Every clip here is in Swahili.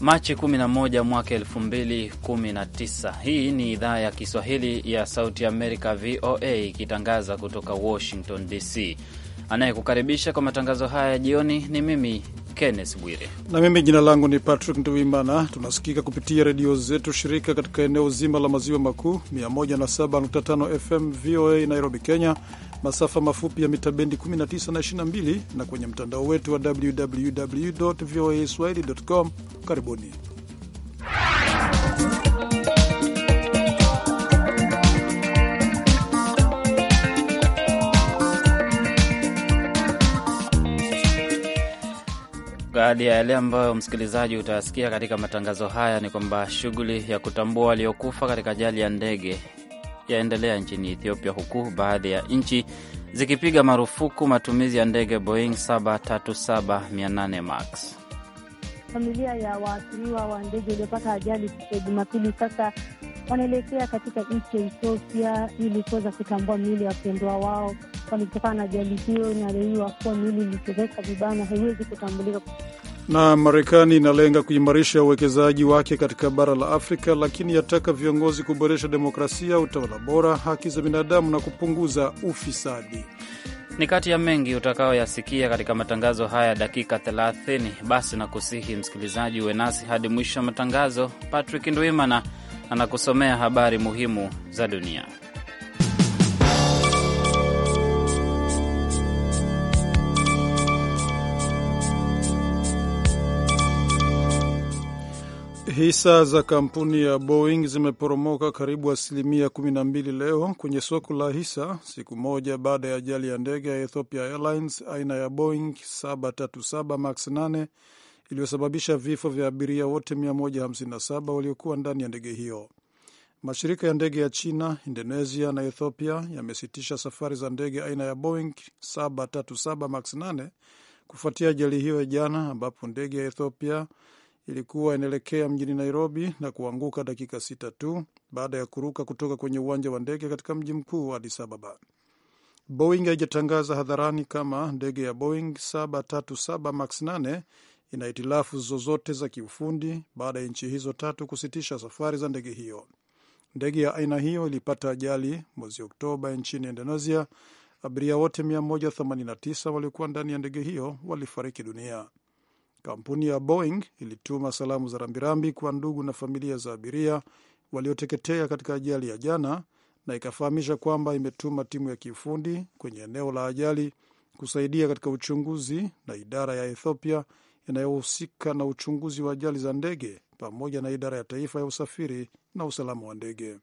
Machi 11 mwaka 2019. Hii ni idhaa ya Kiswahili ya Sauti Amerika, VOA, ikitangaza kutoka Washington DC. Anayekukaribisha kwa matangazo haya ya jioni ni mimi Kenneth Bwire na mimi jina langu ni Patrick Nduimana. Tunasikika kupitia redio zetu shirika katika eneo zima la maziwa makuu, 107.5 FM VOA Nairobi, Kenya, masafa mafupi ya mita bendi 19 na 22 na kwenye mtandao wetu wa www voa swahili.com. Karibuni. Baadhi ya yale ambayo msikilizaji utayasikia katika matangazo haya ni kwamba shughuli ya kutambua waliokufa katika ajali ya ndege yaendelea nchini Ethiopia, huku baadhi ya nchi zikipiga marufuku matumizi ya ndege Boeing 737-800 Max. Familia ya waathiriwa wa ndege waliopata ajali Jumapili sasa wanaelekea katika nchi ya Ethiopia ili kuweza kutambua miili ya wapendwa wao walitokana na ajali hiyo, inadaiwa kuwa mili ilitoweka vibaya na haiwezi kutambulika. Na Marekani inalenga kuimarisha uwekezaji wake katika bara la Afrika, lakini yataka viongozi kuboresha demokrasia, utawala bora, haki za binadamu na kupunguza ufisadi. Ni kati ya mengi utakayoyasikia katika matangazo haya dakika 30. Basi nakusihi msikilizaji, uwe nasi hadi mwisho wa matangazo. Patrick Ndwimana anakusomea habari muhimu za dunia. Hisa za kampuni ya Boeing zimeporomoka karibu asilimia 12 leo kwenye soko la hisa, siku moja baada ya ajali ya ndege ya Ethiopia Airlines aina ya Boeing 737 max 8 iliyosababisha vifo vya abiria wote 157 waliokuwa ndani ya ndege hiyo. Mashirika ya ndege ya China, Indonesia na Ethiopia yamesitisha safari za ndege aina ya Boeing 737 max 8 kufuatia ajali hiyo ya jana, ambapo ndege ya Ethiopia ilikuwa inaelekea mjini Nairobi na kuanguka dakika sita tu baada ya kuruka kutoka kwenye uwanja wa ndege katika mji mkuu wa Addis Ababa. Boeing haijatangaza hadharani kama ndege ya Boeing 737 max 8 ina hitilafu zozote za kiufundi baada ya nchi hizo tatu kusitisha safari za ndege hiyo. Ndege ya aina hiyo ilipata ajali mwezi Oktoba nchini Indonesia. Abiria wote 189 waliokuwa ndani ya ndege hiyo walifariki dunia. Kampuni ya Boeing ilituma salamu za rambirambi kwa ndugu na familia za abiria walioteketea katika ajali ya jana na ikafahamisha kwamba imetuma timu ya kiufundi kwenye eneo la ajali kusaidia katika uchunguzi na idara ya Ethiopia inayohusika na uchunguzi wa ajali za ndege pamoja na idara ya taifa ya usafiri na usalama wa ndege.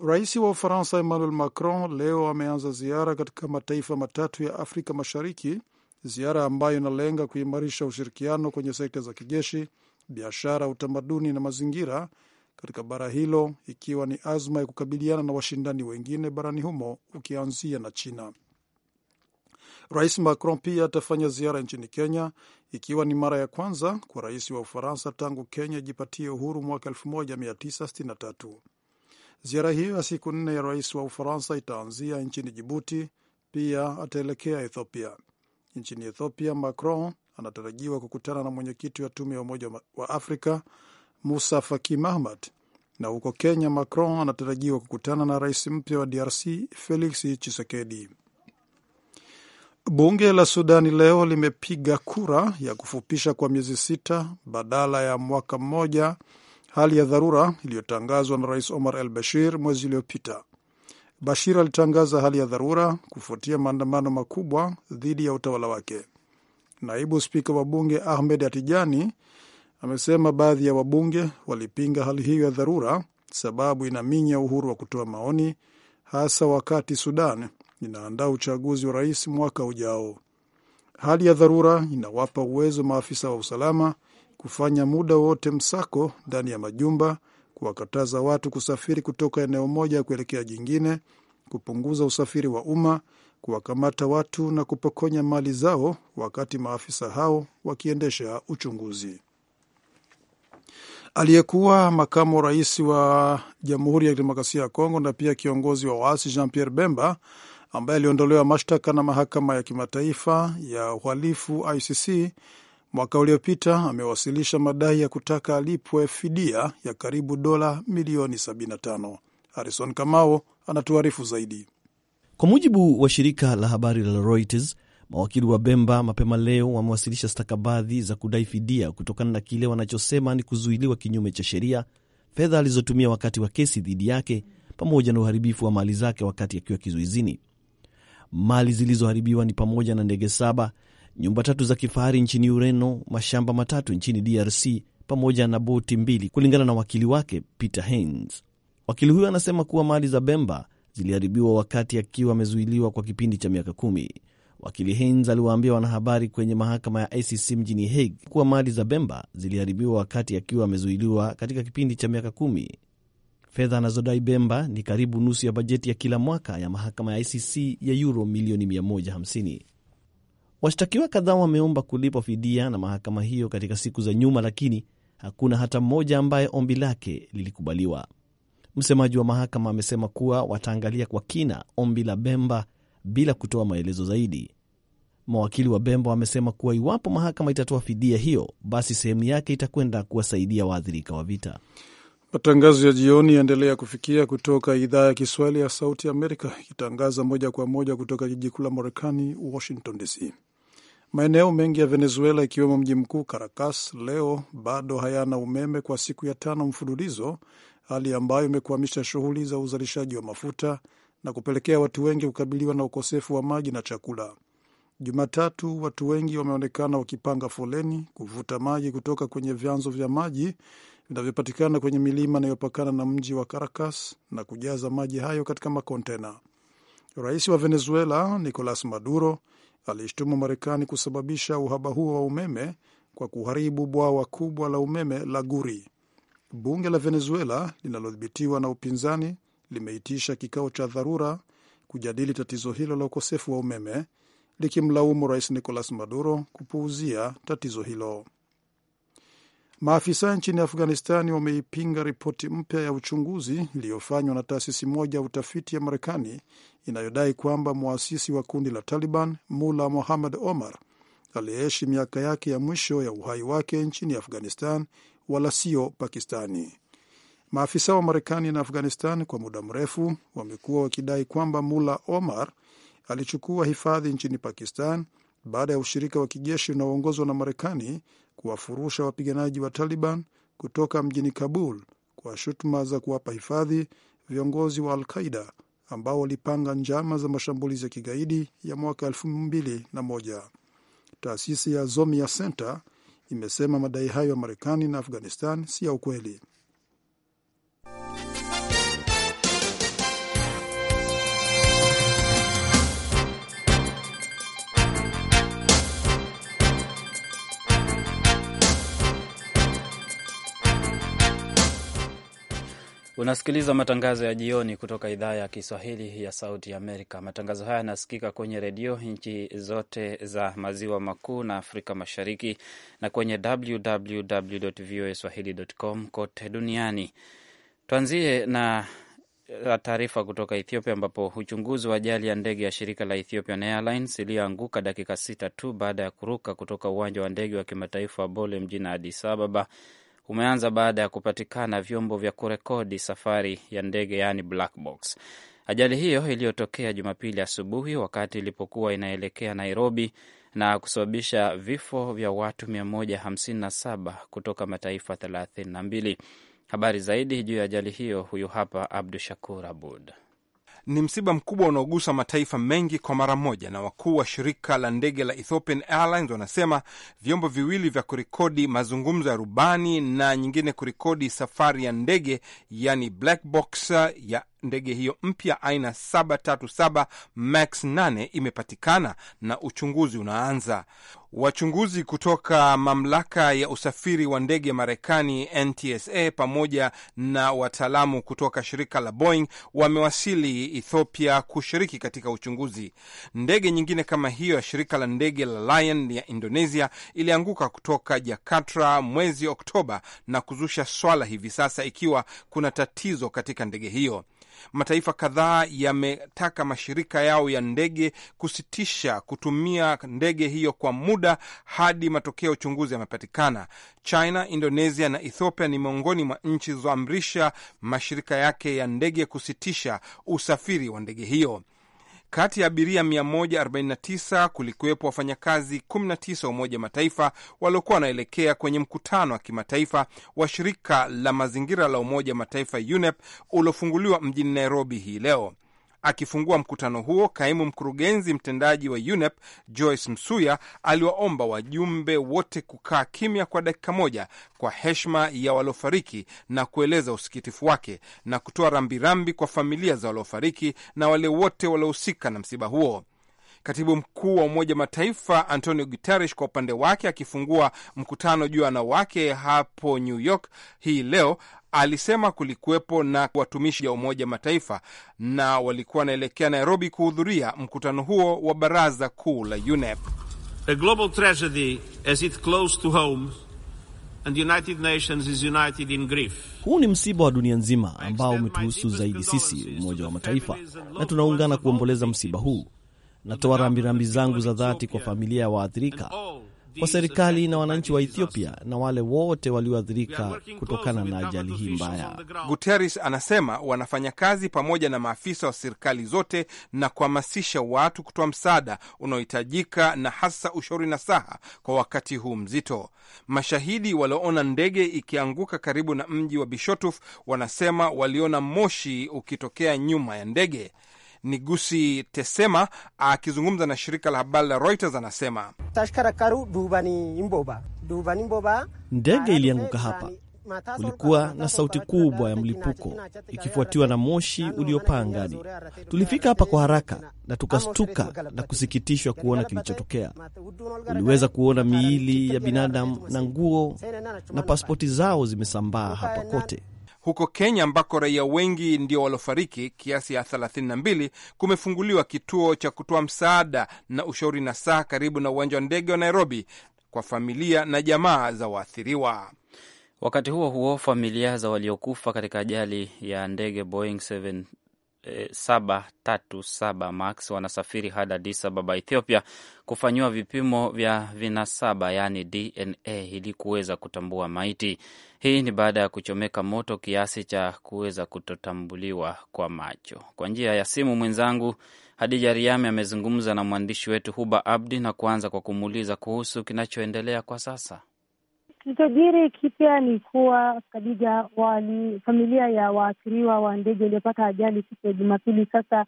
Rais wa Ufaransa Emmanuel Macron leo ameanza ziara katika mataifa matatu ya Afrika Mashariki ziara ambayo inalenga kuimarisha ushirikiano kwenye sekta za kijeshi, biashara, utamaduni na mazingira katika bara hilo, ikiwa ni azma ya kukabiliana na washindani wengine barani humo ukianzia na China. Rais Macron pia atafanya ziara nchini Kenya, ikiwa ni mara ya kwanza kwa rais wa Ufaransa tangu Kenya ijipatie uhuru mwaka 1963. Ziara hiyo ya siku nne ya rais wa Ufaransa itaanzia nchini Jibuti. Pia ataelekea Ethiopia. Nchini Ethiopia, Macron anatarajiwa kukutana na mwenyekiti wa tume ya Umoja wa Afrika Musa Faki Mahamat, na huko Kenya, Macron anatarajiwa kukutana na rais mpya wa DRC Felix Chisekedi. Bunge la Sudani leo limepiga kura ya kufupisha kwa miezi sita badala ya mwaka mmoja hali ya dharura iliyotangazwa na rais Omar al Bashir mwezi uliopita. Bashir alitangaza hali ya dharura kufuatia maandamano makubwa dhidi ya utawala wake. Naibu spika wa bunge Ahmed Atijani amesema baadhi ya wabunge walipinga hali hiyo ya dharura, sababu inaminya uhuru wa kutoa maoni, hasa wakati Sudan inaandaa uchaguzi wa rais mwaka ujao. Hali ya dharura inawapa uwezo maafisa wa usalama kufanya muda wote msako ndani ya majumba kuwakataza watu kusafiri kutoka eneo moja kuelekea jingine, kupunguza usafiri wa umma, kuwakamata watu na kupokonya mali zao, wakati maafisa hao wakiendesha uchunguzi. Aliyekuwa makamu rais wa Jamhuri ya Kidemokrasia ya Kongo na pia kiongozi wa waasi Jean Pierre Bemba ambaye aliondolewa mashtaka na mahakama ya kimataifa ya uhalifu ICC Mwaka uliopita amewasilisha madai ya kutaka alipwe fidia ya karibu dola milioni 75. Harison Kamao anatuarifu zaidi. Kwa mujibu wa shirika la habari la Reuters, mawakili wa Bemba mapema leo wamewasilisha stakabadhi za kudai fidia kutokana na kile wanachosema ni kuzuiliwa kinyume cha sheria, fedha alizotumia wakati wa kesi dhidi yake, pamoja na uharibifu wa mali zake wakati akiwa kizuizini. Mali zilizoharibiwa ni pamoja na ndege saba, nyumba tatu za kifahari nchini Ureno, mashamba matatu nchini DRC pamoja na boti mbili, kulingana na wakili wake Peter Haines. Wakili huyo anasema kuwa mali za Bemba ziliharibiwa wakati akiwa amezuiliwa kwa kipindi cha miaka kumi. Wakili Haines aliwaambia wanahabari kwenye mahakama ya ICC mjini Hague kuwa mali za Bemba ziliharibiwa wakati akiwa amezuiliwa katika kipindi cha miaka kumi. Fedha anazodai Bemba ni karibu nusu ya bajeti ya kila mwaka ya mahakama ya ICC ya yuro milioni 150. Washtakiwa kadhaa wameomba kulipwa fidia na mahakama hiyo katika siku za nyuma, lakini hakuna hata mmoja ambaye ombi lake lilikubaliwa. Msemaji wa mahakama amesema kuwa wataangalia kwa kina ombi la Bemba bila kutoa maelezo zaidi. Mawakili wa Bemba wamesema kuwa iwapo mahakama itatoa fidia hiyo, basi sehemu yake itakwenda kuwasaidia waathirika wa vita. Matangazo ya jioni yaendelea kufikia kutoka idhaa ya Kiswahili ya Sauti Amerika, ikitangaza moja kwa moja kutoka jiji kuu la Marekani, Washington DC. Maeneo mengi ya Venezuela ikiwemo mji mkuu Caracas leo bado hayana umeme kwa siku ya tano mfululizo, hali ambayo imekwamisha shughuli za uzalishaji wa mafuta na kupelekea watu wengi kukabiliwa na ukosefu wa maji na chakula. Jumatatu, watu wengi wameonekana wakipanga foleni kuvuta maji kutoka kwenye vyanzo vya maji vinavyopatikana kwenye milima inayopakana na mji wa Caracas na kujaza maji hayo katika makontena. Rais wa Venezuela Nicolas Maduro alishtumu Marekani kusababisha uhaba huo wa umeme kwa kuharibu bwawa kubwa la umeme la Guri. Bunge la Venezuela linalodhibitiwa na upinzani limeitisha kikao cha dharura kujadili tatizo hilo la ukosefu wa umeme, likimlaumu rais Nicolas Maduro kupuuzia tatizo hilo. Maafisa nchini Afghanistani wameipinga ripoti mpya ya uchunguzi iliyofanywa na taasisi moja ya utafiti ya Marekani inayodai kwamba mwasisi wa kundi la Taliban Mula Mohammad Omar aliyeishi miaka yake ya mwisho ya uhai wake nchini Afghanistan wala sio Pakistani. Maafisa wa Marekani na Afghanistan kwa muda mrefu wamekuwa wakidai kwamba Mula Omar alichukua hifadhi nchini Pakistan baada ya ushirika wa kijeshi unaoongozwa na Marekani kuwafurusha wapiganaji wa Taliban kutoka mjini Kabul kwa shutuma za kuwapa hifadhi viongozi wa Al-Qaida ambao walipanga njama za mashambulizi ya kigaidi ya mwaka moja. Taasisi ya Zomia Center imesema madai hayo ya Marekani na Afghanistan si ya ukweli. Unasikiliza matangazo ya jioni kutoka idhaa ya Kiswahili ya Sauti ya Amerika. Matangazo haya yanasikika kwenye redio nchi zote za maziwa makuu na Afrika Mashariki na kwenye www voa swahili.com kote duniani. Tuanzie na eh, taarifa kutoka Ethiopia ambapo uchunguzi wa ajali ya ndege ya shirika la Ethiopian Airlines iliyoanguka dakika sita tu baada ya kuruka kutoka uwanja wa ndege wa kimataifa wa Bole mjini Addis Ababa umeanza baada ya kupatikana vyombo vya kurekodi safari ya ndege, yaani black box. Ajali hiyo iliyotokea Jumapili asubuhi wakati ilipokuwa inaelekea Nairobi na kusababisha vifo vya watu 157 kutoka mataifa 32. Habari zaidi juu ya ajali hiyo, huyu hapa Abdu Shakur Abud ni msiba mkubwa unaogusa mataifa mengi kwa mara moja, na wakuu wa shirika la ndege la Ethiopian Airlines wanasema vyombo viwili vya kurekodi mazungumzo ya rubani na nyingine kurekodi safari ya ndege, yani black box ya ndege hiyo mpya aina 737 max 8 imepatikana na uchunguzi unaanza. Wachunguzi kutoka mamlaka ya usafiri wa ndege ya Marekani, NTSA, pamoja na wataalamu kutoka shirika la Boeing wamewasili Ethiopia kushiriki katika uchunguzi. Ndege nyingine kama hiyo ya shirika la ndege la Lion ya Indonesia ilianguka kutoka Jakarta mwezi Oktoba na kuzusha swala hivi sasa ikiwa kuna tatizo katika ndege hiyo. Mataifa kadhaa yametaka mashirika yao ya ndege kusitisha kutumia ndege hiyo kwa muda hadi matokeo ya uchunguzi yamepatikana. China, Indonesia na Ethiopia ni miongoni mwa nchi zilizoamrisha mashirika yake ya ndege kusitisha usafiri wa ndege hiyo. Kati ya abiria 149 kulikuwepo wafanyakazi 19 wa Umoja Mataifa waliokuwa wanaelekea kwenye mkutano wa kimataifa wa shirika la mazingira la Umoja Mataifa UNEP uliofunguliwa mjini Nairobi hii leo. Akifungua mkutano huo, kaimu mkurugenzi mtendaji wa UNEP Joyce Msuya aliwaomba wajumbe wote kukaa kimya kwa dakika moja kwa heshima ya waliofariki na kueleza usikitifu wake na kutoa rambirambi kwa familia za waliofariki na wale wote waliohusika na msiba huo. Katibu mkuu wa Umoja Mataifa Antonio Guterres kwa upande wake, akifungua mkutano juu ya wanawake hapo New York hii leo, alisema kulikuwepo na watumishi wa Umoja Mataifa na walikuwa wanaelekea Nairobi kuhudhuria mkutano huo wa Baraza Kuu la UNEP. A global tragedy as it close to home and the United Nations is united in grief. Huu ni msiba wa dunia nzima ambao umetuhusu zaidi sisi, Umoja wa Mataifa, na tunaungana kuomboleza msiba huu. Natoa rambirambi zangu za dhati kwa familia ya waathirika, kwa serikali na wananchi wa Ethiopia na wale wote walioathirika kutokana na ajali hii mbaya. Guterres anasema wanafanya kazi pamoja na maafisa wa serikali zote na kuhamasisha watu kutoa msaada unaohitajika na hasa ushauri na saha kwa wakati huu mzito. Mashahidi walioona ndege ikianguka karibu na mji wa Bishoftu wanasema waliona moshi ukitokea nyuma ya ndege. Nigusi Tesema akizungumza na shirika la habari la Reuters anasema tashkarakaru dubani imboba dubani imboba, ndege ilianguka hapa. Kulikuwa na sauti kubwa ya mlipuko ikifuatiwa na moshi uliopaa angani. Tulifika hapa kwa haraka na tukastuka na kusikitishwa kuona kilichotokea. Uliweza kuona miili ya binadamu na nguo na pasipoti zao zimesambaa hapa kote. Huko Kenya ambako raia wengi ndio waliofariki, kiasi ya 32, kumefunguliwa kituo cha kutoa msaada na ushauri na saa karibu na uwanja wa ndege wa Nairobi kwa familia na jamaa za waathiriwa. Wakati huo huo, familia za waliokufa katika ajali ya ndege Boeing 737 eh, Max wanasafiri hadi Addis Ababa, Ethiopia, kufanyiwa vipimo vya vinasaba, yaani DNA, ili kuweza kutambua maiti. Hii ni baada ya kuchomeka moto kiasi cha kuweza kutotambuliwa kwa macho. Kwa njia ya simu, mwenzangu Hadija Riami amezungumza na mwandishi wetu Huba Abdi na kuanza kwa kumuuliza kuhusu kinachoendelea kwa sasa. Kilichojiri kipya ni kuwa Kadija, wali familia ya waathiriwa wa ndege waliopata ajali siku ya Jumapili sasa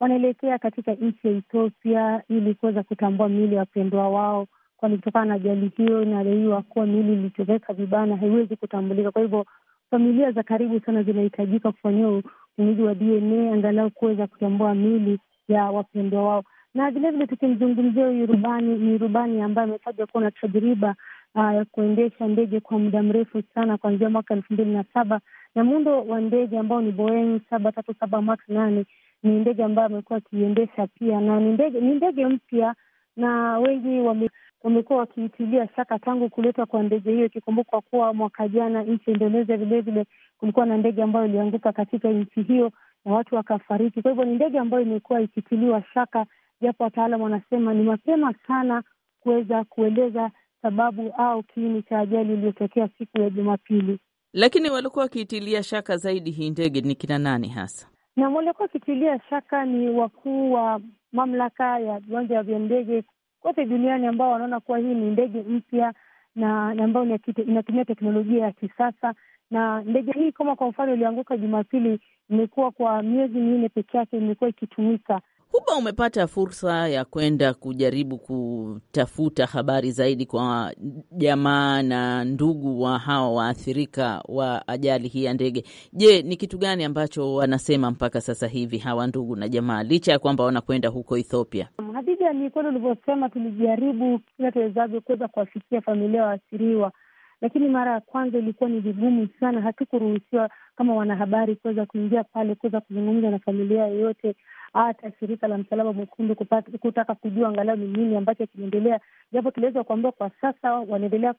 wanaelekea katika nchi ya Ethiopia ili kuweza kutambua miili ya wapendwa wao, kwani kutokana na ajali hiyo inadaiwa kuwa miili ilichoweka vibaya na haiwezi kutambulika. Kwa hivyo familia za karibu sana zinahitajika kufanyia uchunguzi wa DNA angalau kuweza kutambua miili ya wapendwa wao na vilevile tukimzungumzia huyu rubani, ni rubani ambaye ametajwa kuwa na tajriba uh, ya kuendesha ndege kwa muda mrefu sana kuanzia mwaka elfu mbili na saba na muundo wa ndege ambao ni Boeing saba tatu saba max nane ni ndege ambayo amekuwa akiiendesha pia, na ni ndege ni ndege mpya, na wengi wamekuwa wakiitilia shaka tangu kuletwa kwa ndege hiyo, ikikumbukwa kuwa mwaka jana nchi ya Indonesia vilevile kulikuwa na ndege ambayo ilianguka katika nchi hiyo na watu wakafariki. Kwa hivyo ni ndege ambayo imekuwa ikitiliwa shaka, japo wataalam wanasema ni mapema sana kuweza kueleza sababu au kiini cha ajali iliyotokea siku ya Jumapili. Lakini walikuwa wakiitilia shaka zaidi hii ndege ni kina nani hasa? Na waliokuwa wakitilia shaka ni wakuu wa mamlaka ya viwanja vya ndege kote duniani, ambao wanaona kuwa hii ni ndege mpya na ambayo inatumia teknolojia ya kisasa. Na ndege hii kama kwa mfano ilianguka Jumapili, imekuwa kwa miezi minne peke yake imekuwa ikitumika Huba, umepata fursa ya kwenda kujaribu kutafuta habari zaidi kwa jamaa na ndugu wa hawa waathirika wa ajali hii ya ndege. Je, ni kitu gani ambacho wanasema mpaka sasa hivi hawa ndugu na jamaa, licha ya kwamba wanakwenda huko Ethiopia? Hadija, ni kweli ulivyosema, tulijaribu kila tuwezavyo kuweza kuwafikia familia waathiriwa lakini mara ya kwanza ilikuwa ni vigumu sana. Hatukuruhusiwa kama wanahabari kuweza kuingia pale kuweza kuzungumza na familia yoyote, hata shirika la Msalaba Mwekundu kutaka kujua angalau ni nini ambacho kinaendelea, japo tuliweza kuambia kwa sasa wanaendelea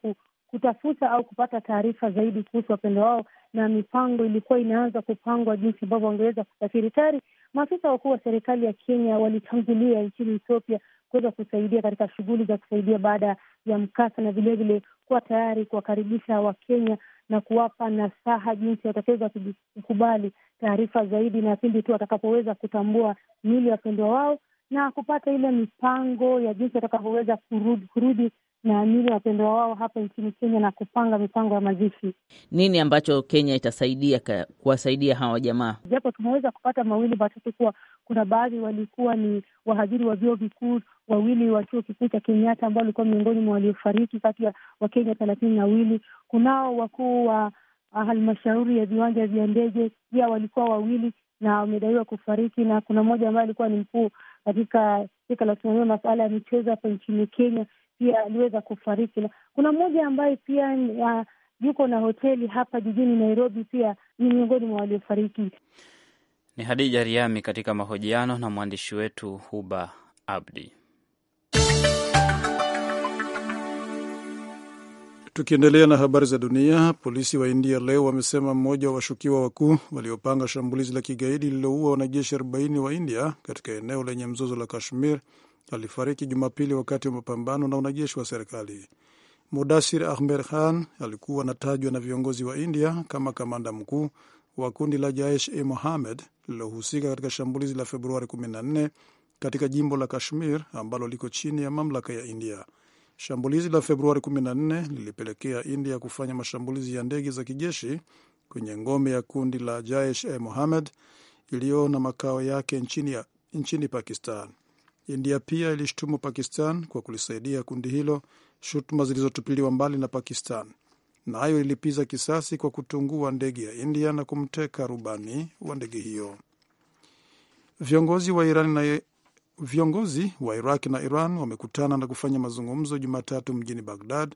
kutafuta au kupata taarifa zaidi kuhusu wapendo wao, na mipango ilikuwa inaanza kupangwa jinsi ambavyo wangeweza kusafiri. Tayari maafisa wakuu wa serikali ya Kenya walitangulia nchini Ethiopia kuweza kusaidia katika shughuli za kusaidia baada ya mkasa na vilevile kuwa tayari kuwakaribisha Wakenya na kuwapa nasaha jinsi watakaweza kukubali taarifa zaidi, na pindi tu watakapoweza kutambua mili ya wapendwa wao na kupata ile mipango ya jinsi watakavyoweza kurudi, kurudi na mili ya wapendwa wao hapa nchini Kenya na kupanga mipango ya mazishi. Nini ambacho Kenya itasaidia kuwasaidia hawa jamaa? Japo tumeweza kupata mawili matatu kuwa kuna baadhi walikuwa ni wahadhiri wa vyuo vikuu, wawili wa chuo kikuu cha Kenyatta ambao walikuwa miongoni mwa waliofariki kati ya Wakenya thelathini na wawili. Kunao wakuu wa halmashauri ya viwanja vya ndege pia walikuwa wawili na wamedaiwa kufariki, na kuna mmoja ambaye alikuwa ni mkuu katika shirika la kusimamia masuala ya michezo hapa nchini Kenya pia aliweza kufariki, na kuna mmoja ambaye pia uh, yuko na hoteli hapa jijini Nairobi, pia ni miongoni mwa waliofariki. Ni Hadija Riami katika mahojiano na mwandishi wetu Huba Abdi. Tukiendelea na habari za dunia, polisi wa India leo wamesema mmoja wa washukiwa wakuu waliopanga shambulizi la kigaidi lililoua wanajeshi 40 wa India katika eneo lenye mzozo la Kashmir alifariki Jumapili wakati wa mapambano na wanajeshi wa serikali. Mudasir Ahmed Khan alikuwa anatajwa na viongozi wa India kama kamanda mkuu wa kundi la Jaish e Mohammed lililohusika katika shambulizi la Februari 14 katika jimbo la Kashmir ambalo liko chini ya mamlaka ya India. Shambulizi la Februari 14 lilipelekea India kufanya mashambulizi ya ndege za kijeshi kwenye ngome ya kundi la Jaish e Mohammed iliyo na makao yake nchini, ya, nchini Pakistan. India pia ilishtumu Pakistan kwa kulisaidia kundi hilo, shutuma zilizotupiliwa mbali na Pakistan nayo na ilipiza kisasi kwa kutungua ndege ya India na kumteka rubani wa ndege hiyo. Viongozi wa Iran na viongozi wa Iraq na Iran wamekutana na kufanya mazungumzo Jumatatu mjini Bagdad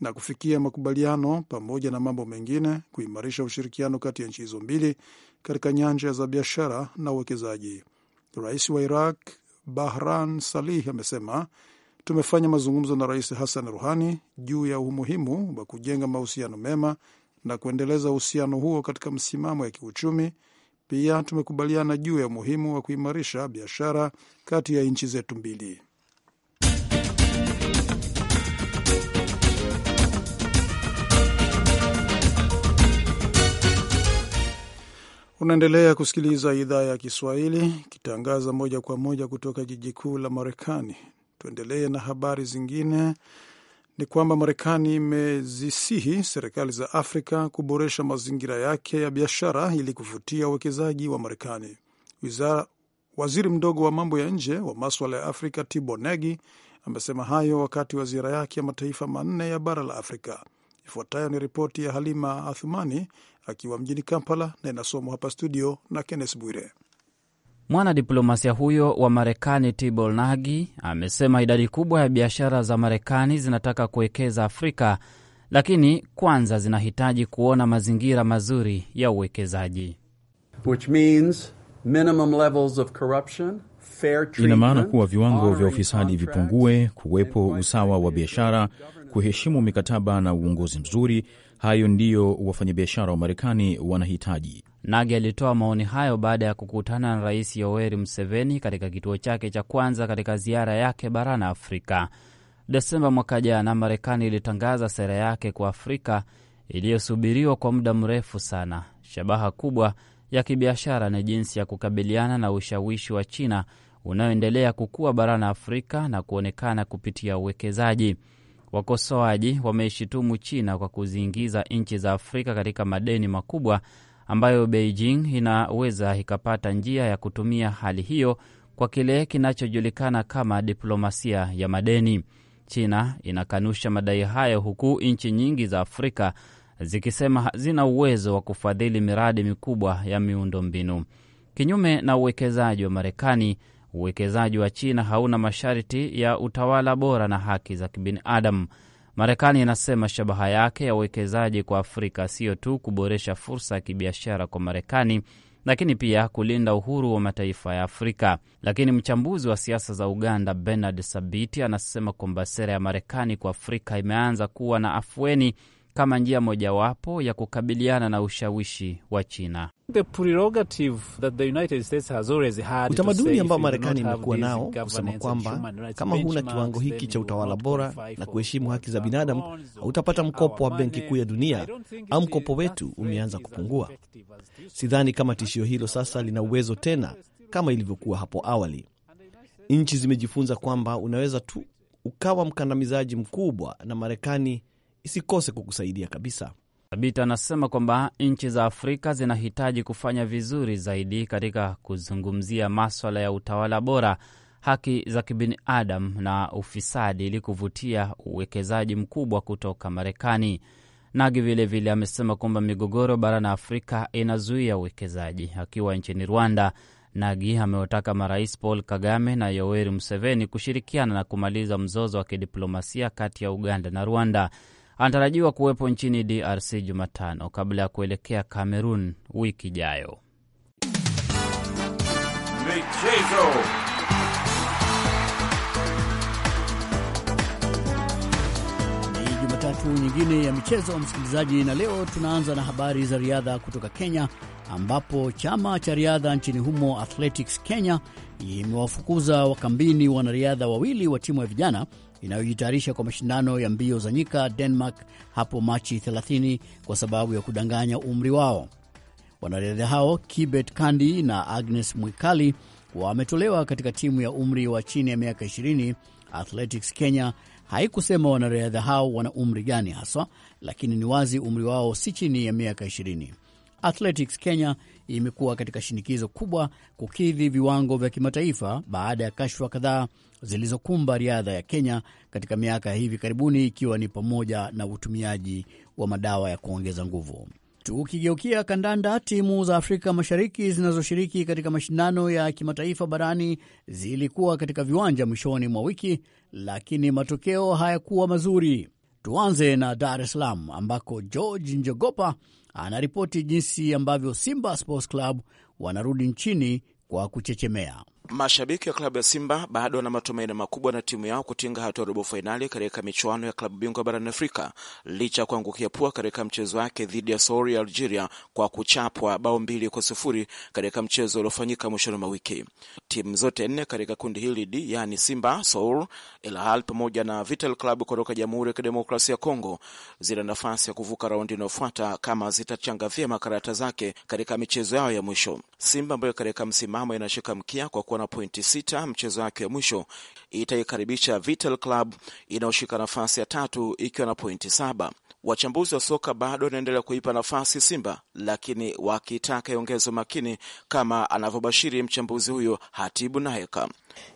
na kufikia makubaliano pamoja na mambo mengine, kuimarisha ushirikiano kati ya nchi hizo mbili katika nyanja za biashara na uwekezaji. Rais wa Iraq Bahran Salih amesema tumefanya mazungumzo na Rais Hassan Ruhani juu ya umuhimu wa kujenga mahusiano mema na kuendeleza uhusiano huo katika msimamo ya kiuchumi. Pia tumekubaliana juu ya umuhimu wa kuimarisha biashara kati ya nchi zetu mbili. Unaendelea kusikiliza idhaa ya Kiswahili kitangaza moja kwa moja kutoka jiji kuu la Marekani, Tuendelee na habari zingine. Ni kwamba Marekani imezisihi serikali za Afrika kuboresha mazingira yake ya biashara ili kuvutia uwekezaji wa Marekani. Waziri mdogo wa mambo ya nje wa maswala ya Afrika Tibo Negi amesema hayo wakati wa ziara yake ya mataifa manne ya bara la Afrika. Ifuatayo ni ripoti ya Halima Athumani akiwa mjini Kampala na inasomwa hapa studio na Kennes Bwire. Mwanadiplomasia huyo wa Marekani Tibor Nagy amesema idadi kubwa ya biashara za Marekani zinataka kuwekeza Afrika, lakini kwanza zinahitaji kuona mazingira mazuri ya uwekezaji. Ina maana kuwa viwango vya ufisadi vipungue, kuwepo usawa wa biashara, kuheshimu mikataba na uongozi mzuri Hayo ndiyo wafanyabiashara wa Marekani wanahitaji. Nage alitoa maoni hayo baada ya kukutana na Rais Yoweri Museveni katika kituo chake cha kwanza katika ziara yake barani Afrika. Desemba mwaka jana, Marekani ilitangaza sera yake kwa Afrika iliyosubiriwa kwa muda mrefu sana. Shabaha kubwa ya kibiashara ni jinsi ya kukabiliana na ushawishi wa China unaoendelea kukua barani Afrika na kuonekana kupitia uwekezaji. Wakosoaji wameishitumu China kwa kuziingiza nchi za Afrika katika madeni makubwa ambayo Beijing inaweza ikapata njia ya kutumia hali hiyo kwa kile kinachojulikana kama diplomasia ya madeni. China inakanusha madai hayo huku nchi nyingi za Afrika zikisema hazina uwezo wa kufadhili miradi mikubwa ya miundombinu. Kinyume na uwekezaji wa Marekani, Uwekezaji wa China hauna masharti ya utawala bora na haki za kibinadamu. Marekani inasema shabaha yake ya uwekezaji kwa Afrika siyo tu kuboresha fursa ya kibiashara kwa Marekani, lakini pia kulinda uhuru wa mataifa ya Afrika. Lakini mchambuzi wa siasa za Uganda Bernard Sabiti anasema kwamba sera ya Marekani kwa Afrika imeanza kuwa na afueni kama njia mojawapo ya kukabiliana na ushawishi wa China. Utamaduni ambao Marekani imekuwa nao kusema kwamba kama huna kiwango hiki cha utawala bora na kuheshimu haki za binadamu hautapata mkopo wa Benki Kuu ya Dunia au mkopo wetu umeanza kupungua. Sidhani kama tishio hilo sasa lina uwezo tena kama ilivyokuwa hapo awali. Nchi zimejifunza kwamba unaweza tu ukawa mkandamizaji mkubwa na Marekani isikose kukusaidia kabisa. Thabit anasema kwamba nchi za Afrika zinahitaji kufanya vizuri zaidi katika kuzungumzia maswala ya utawala bora, haki za kibinadamu na ufisadi ili kuvutia uwekezaji mkubwa kutoka Marekani. Nagi vilevile amesema kwamba migogoro barani Afrika inazuia uwekezaji. Akiwa nchini Rwanda, Nagi amewataka marais Paul Kagame na Yoweri Museveni kushirikiana na kumaliza mzozo wa kidiplomasia kati ya Uganda na Rwanda anatarajiwa kuwepo nchini DRC Jumatano kabla ya kuelekea cameron wiki ijayo. Michezo. Ni Jumatatu nyingine ya michezo, msikilizaji, na leo tunaanza na habari za riadha kutoka Kenya ambapo chama cha riadha nchini humo Athletics Kenya imewafukuza wakambini wanariadha wawili wa timu ya vijana inayojitayarisha kwa mashindano ya mbio za nyika Denmark hapo Machi 30 kwa sababu ya kudanganya umri wao. Wanariadha hao Kibet Kandi na Agnes Mwikali wametolewa katika timu ya umri wa chini ya miaka 20. Athletics Kenya haikusema wanariadha hao wana umri gani haswa, lakini ni wazi umri wao si chini ya miaka 20. Athletics Kenya imekuwa katika shinikizo kubwa kukidhi viwango vya kimataifa baada ya kashfa kadhaa zilizokumba riadha ya Kenya katika miaka ya hivi karibuni, ikiwa ni pamoja na utumiaji wa madawa ya kuongeza nguvu. Tukigeukia kandanda, timu za Afrika Mashariki zinazoshiriki katika mashindano ya kimataifa barani zilikuwa katika viwanja mwishoni mwa wiki, lakini matokeo hayakuwa mazuri. Tuanze na Dar es Salaam ambako George Njogopa anaripoti jinsi ambavyo Simba Sports Club wanarudi nchini kwa kuchechemea. Mashabiki wa klabu ya Simba bado wana matumaini makubwa na timu yao kutinga hatua robo fainali katika michuano ya klabu bingwa barani Afrika licha ya kuangukia pua katika mchezo wake dhidi ya Sori ya Algeria kwa kuchapwa bao mbili kwa sufuri katika mchezo uliofanyika mwishoni mwa wiki. Timu zote nne katika kundi hili D, yaani Simba, Sour, El Ahly pamoja na Vital Club kutoka Jamhuri ya Kidemokrasia ya Kongo zina nafasi ya kuvuka raundi inayofuata kama zitachanga vyema karata zake katika michezo yao ya mwisho. Simba ambayo katika msimamo inashika mkia kwa kuwa na pointi sita mchezo wake wa mwisho, itaikaribisha Vital Club inayoshika nafasi ya tatu ikiwa na pointi saba. Wachambuzi wa soka bado wanaendelea kuipa nafasi Simba, lakini wakitaka iongezo makini, kama anavyobashiri mchambuzi huyo Hatibu Naheka.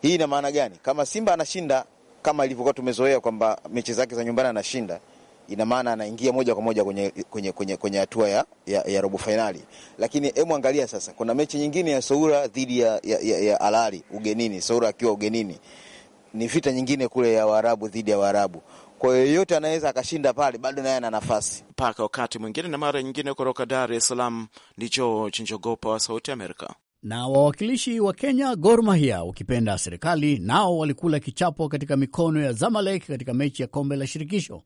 Hii ina maana gani? Kama Simba anashinda kama ilivyokuwa tumezoea kwamba mechi zake za nyumbani anashinda ina maana anaingia moja kwa moja kwenye hatua kwenye, kwenye, hatua ya, ya, ya robo fainali. Lakini hebu angalia sasa, kuna mechi nyingine ya Soura dhidi ya, ya, ya, ya Alali ugenini, Soura akiwa ugenini, ni vita nyingine kule ya Waarabu dhidi ya Waarabu. Kwa hiyo yoyote anaweza akashinda pale, bado naye ana nafasi mpaka wakati mwingine na mara nyingine. Kutoka Dar es Salaam ni George Njogopa wa Sauti Amerika. Na wawakilishi wa Kenya, Gor Mahia ukipenda serikali, nao walikula kichapo katika mikono ya Zamalek katika mechi ya kombe la shirikisho.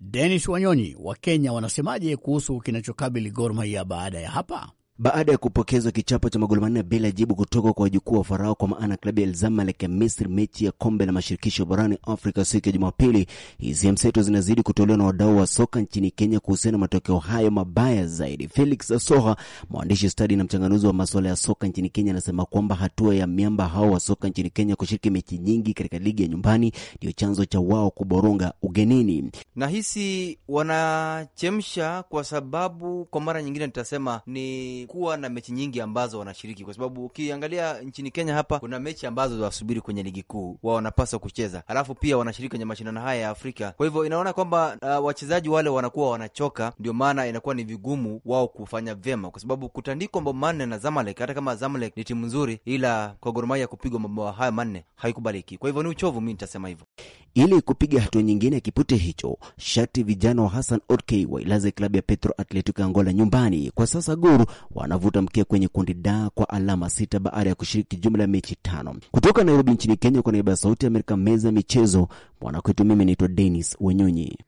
Denis Wanyonyi wa Kenya wanasemaje kuhusu kinachokabili Gor Mahia baada ya hapa? baada ya kupokezwa kichapo cha magoli manne bila jibu kutoka kwa wajukuu wa Farao kwa maana klabu ya Elzamalek ya Misri mechi ya kombe la mashirikisho barani Afrika siku ya Jumapili. Hisia mseto zinazidi kutolewa na wadau wa soka nchini Kenya kuhusiana na matokeo hayo mabaya zaidi. Felix Asoha, mwandishi stadi na mchanganuzi wa masuala ya soka nchini Kenya, anasema kwamba hatua ya miamba hao wa soka nchini Kenya kushiriki mechi nyingi katika ligi ya nyumbani ndiyo chanzo cha wao kuboronga ugenini. Nahisi wanachemsha kwa sababu, kwa mara nyingine nitasema ni kuwa na mechi nyingi ambazo wanashiriki, kwa sababu ukiangalia nchini Kenya hapa kuna mechi ambazo wasubiri kwenye ligi kuu wao wanapaswa kucheza, alafu pia wanashiriki kwenye mashindano haya ya Afrika. Kwa hivyo inaona kwamba uh, wachezaji wale wanakuwa wanachoka, ndio maana inakuwa ni vigumu wao kufanya vyema, kwa sababu kutandikwa mabao manne na Zamalek, hata kama Zamalek ni timu nzuri, ila kwa Gor Mahia kupigwa mabao haya manne haikubaliki. Kwa hivyo ni uchovu, mi nitasema hivyo. Ili kupiga hatua nyingine ya kipute hicho, shati vijana wa Hassan Otkei wailaze klabu ya Petro Atletico Angola nyumbani. Kwa sasa Guru wanavuta mkia kwenye kundi da kwa alama sita baada ya kushiriki jumla ya mechi tano. Kutoka Nairobi nchini Kenya, kwa niaba ya Sauti ya Amerika, meza michezo, mwanakwetu, mimi naitwa Denis Wenyonyi.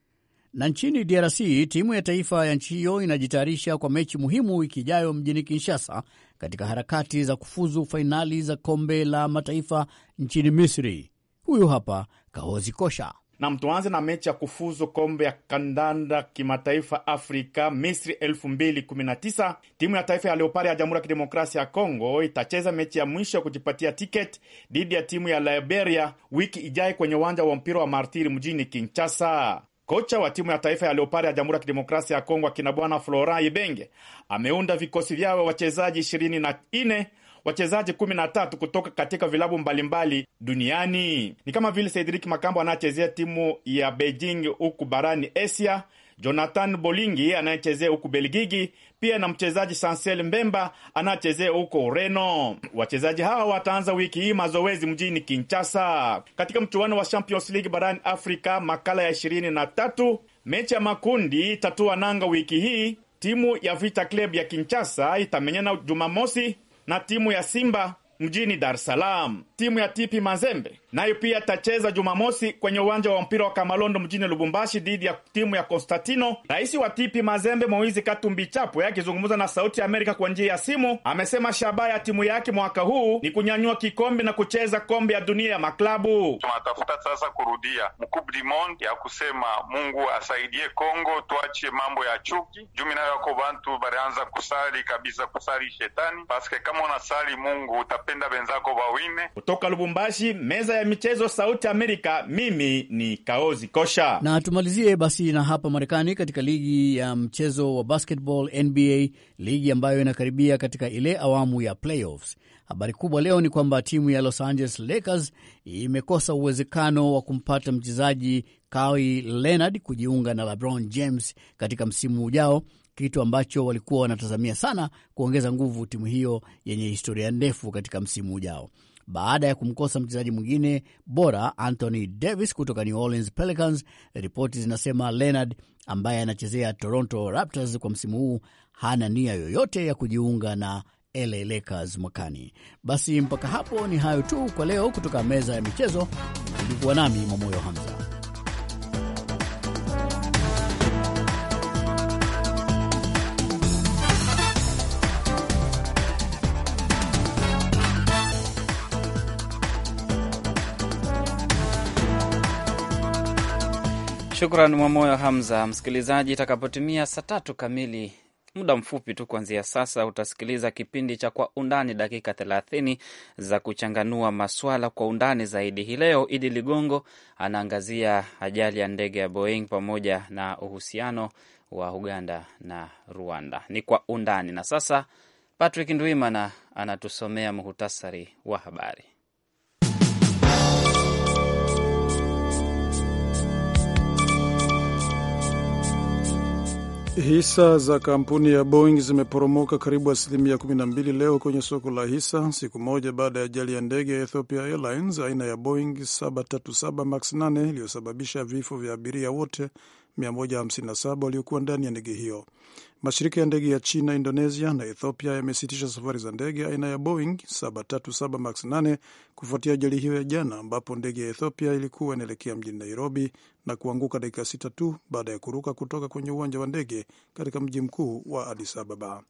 Na nchini DRC timu ya taifa ya nchi hiyo inajitayarisha kwa mechi muhimu wiki ijayo mjini Kinshasa, katika harakati za kufuzu fainali za kombe la mataifa nchini Misri. Huyu hapa Kahozi Kosha. Nam, tuanze na mechi ya kufuzu kombe ya kandanda kimataifa Afrika Misri 2019. Timu ya taifa ya Leopari ya Jamhuri ya Kidemokrasia ya Kongo itacheza mechi ya mwisho ya kujipatia tiketi dhidi ya timu ya Liberia wiki ijayo kwenye uwanja wa mpira wa Martiri mjini Kinshasa. Kocha wa timu ya taifa ya Leopari ya Jamhuri ya Kidemokrasia ya Kongo akina bwana Florent Ibenge ameunda vikosi vyao wachezaji ishirini na nne wachezaji kumi na tatu kutoka katika vilabu mbalimbali duniani, ni kama vile Cedric Makambo anayechezea timu ya Beijing huku barani Asia, Jonathan Bolingi anayechezea huku Belgigi, pia na mchezaji Sansel Mbemba anayechezea huko Ureno. Wachezaji hawa wataanza wiki hii mazoezi mjini Kinshasa. Katika mchuano wa Champions League barani Afrika, makala ya ishirini na tatu, mechi ya makundi tatua nanga wiki hii, timu ya Vita Club ya Kinshasa itamenyana Jumamosi na timu ya Simba mjini Dar es Salaam timu ya TP Mazembe nayo pia itacheza Jumamosi kwenye uwanja wa mpira wa Kamalondo mjini Lubumbashi dhidi ya timu ya Konstantino. Rais wa TP Mazembe Moizi Katumbi Chapwe akizungumza na Sauti ya Amerika kwa njia ya simu amesema shabaha ya timu yake mwaka huu ni kunyanyua kikombe na kucheza kombe ya dunia ya maklabu. Tunatafuta sasa kurudia mkubu du monde ya kusema Mungu asaidie Kongo, tuache mambo ya chuki jumi nayo yako bantu barianza kusali kabisa kusali shetani paske kama unasali Mungu utapenda wenzako wawine kutoka Lubumbashi, meza ya michezo, Sauti Amerika, mimi ni Kaozi Kosha. Na tumalizie basi na hapa Marekani, katika ligi ya mchezo wa basketball NBA, ligi ambayo inakaribia katika ile awamu ya playoffs. Habari kubwa leo ni kwamba timu ya Los Angeles Lakers imekosa uwezekano wa kumpata mchezaji Kawhi Leonard kujiunga na LeBron James katika msimu ujao, kitu ambacho walikuwa wanatazamia sana kuongeza nguvu timu hiyo yenye historia ndefu katika msimu ujao baada ya kumkosa mchezaji mwingine bora Anthony Davis kutoka New Orleans Pelicans. Ripoti zinasema Leonard ambaye anachezea Toronto Raptors kwa msimu huu hana nia yoyote ya kujiunga na LA Lakers mwakani. Basi mpaka hapo ni hayo tu kwa leo kutoka meza ya michezo. Ulikuwa nami Mwamoyo Hamza. Shukran Mwamoyo Hamza. Msikilizaji, itakapotimia saa tatu kamili, muda mfupi tu kuanzia sasa, utasikiliza kipindi cha Kwa Undani, dakika thelathini za kuchanganua maswala kwa undani zaidi. Hii leo Idi Ligongo anaangazia ajali ya ndege ya Boeing pamoja na uhusiano wa Uganda na Rwanda. Ni Kwa Undani, na sasa Patrick Ndwimana anatusomea muhutasari wa habari. Hisa za kampuni ya Boeing zimeporomoka karibu asilimia 12 leo kwenye soko la hisa, siku moja baada ya ajali ya ndege ya Ethiopia Airlines aina ya Boeing 737 max 8 iliyosababisha vifo vya abiria wote 157 waliokuwa ndani ya ndege hiyo. Mashirika ya ndege ya China, Indonesia na Ethiopia yamesitisha safari za ndege aina ya Boeing 737 max 8 kufuatia ajali hiyo ya jana, ambapo ndege ya Ethiopia ilikuwa inaelekea mjini Nairobi na kuanguka dakika sita tu baada ya kuruka kutoka kwenye uwanja wa ndege katika mji mkuu wa Addis Ababa.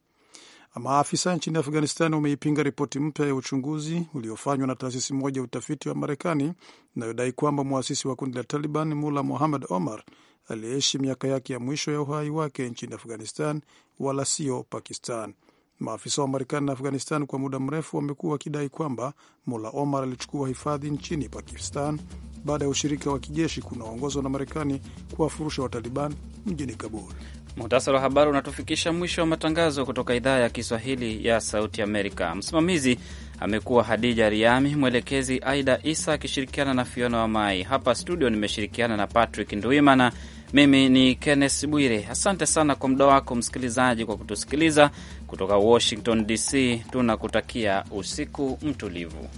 Maafisa nchini Afghanistan wameipinga ripoti mpya ya uchunguzi uliofanywa na taasisi moja ya utafiti wa Marekani inayodai kwamba mwasisi wa kundi la Taliban Mula Mohammad Omar aliyeishi miaka yake ya mwisho ya uhai wake nchini Afghanistan wala sio Pakistan. Maafisa wa Marekani na Afghanistan kwa muda mrefu wamekuwa wakidai kwamba mula Omar alichukua hifadhi nchini Pakistan baada ya ushirika wa kijeshi kunaoongozwa na Marekani kuwafurusha Wataliban mjini Kabul. Muhtasari wa habari unatufikisha mwisho wa matangazo kutoka idhaa ya Kiswahili ya Sauti Amerika. Msimamizi amekuwa Hadija Riami, mwelekezi Aida Isa akishirikiana na Fiona Wamai. Hapa studio nimeshirikiana na Patrick Ndwimana. Mimi ni Kenneth Bwire. Asante sana kwa muda wako msikilizaji, kwa kutusikiliza kutoka Washington DC. Tunakutakia usiku mtulivu.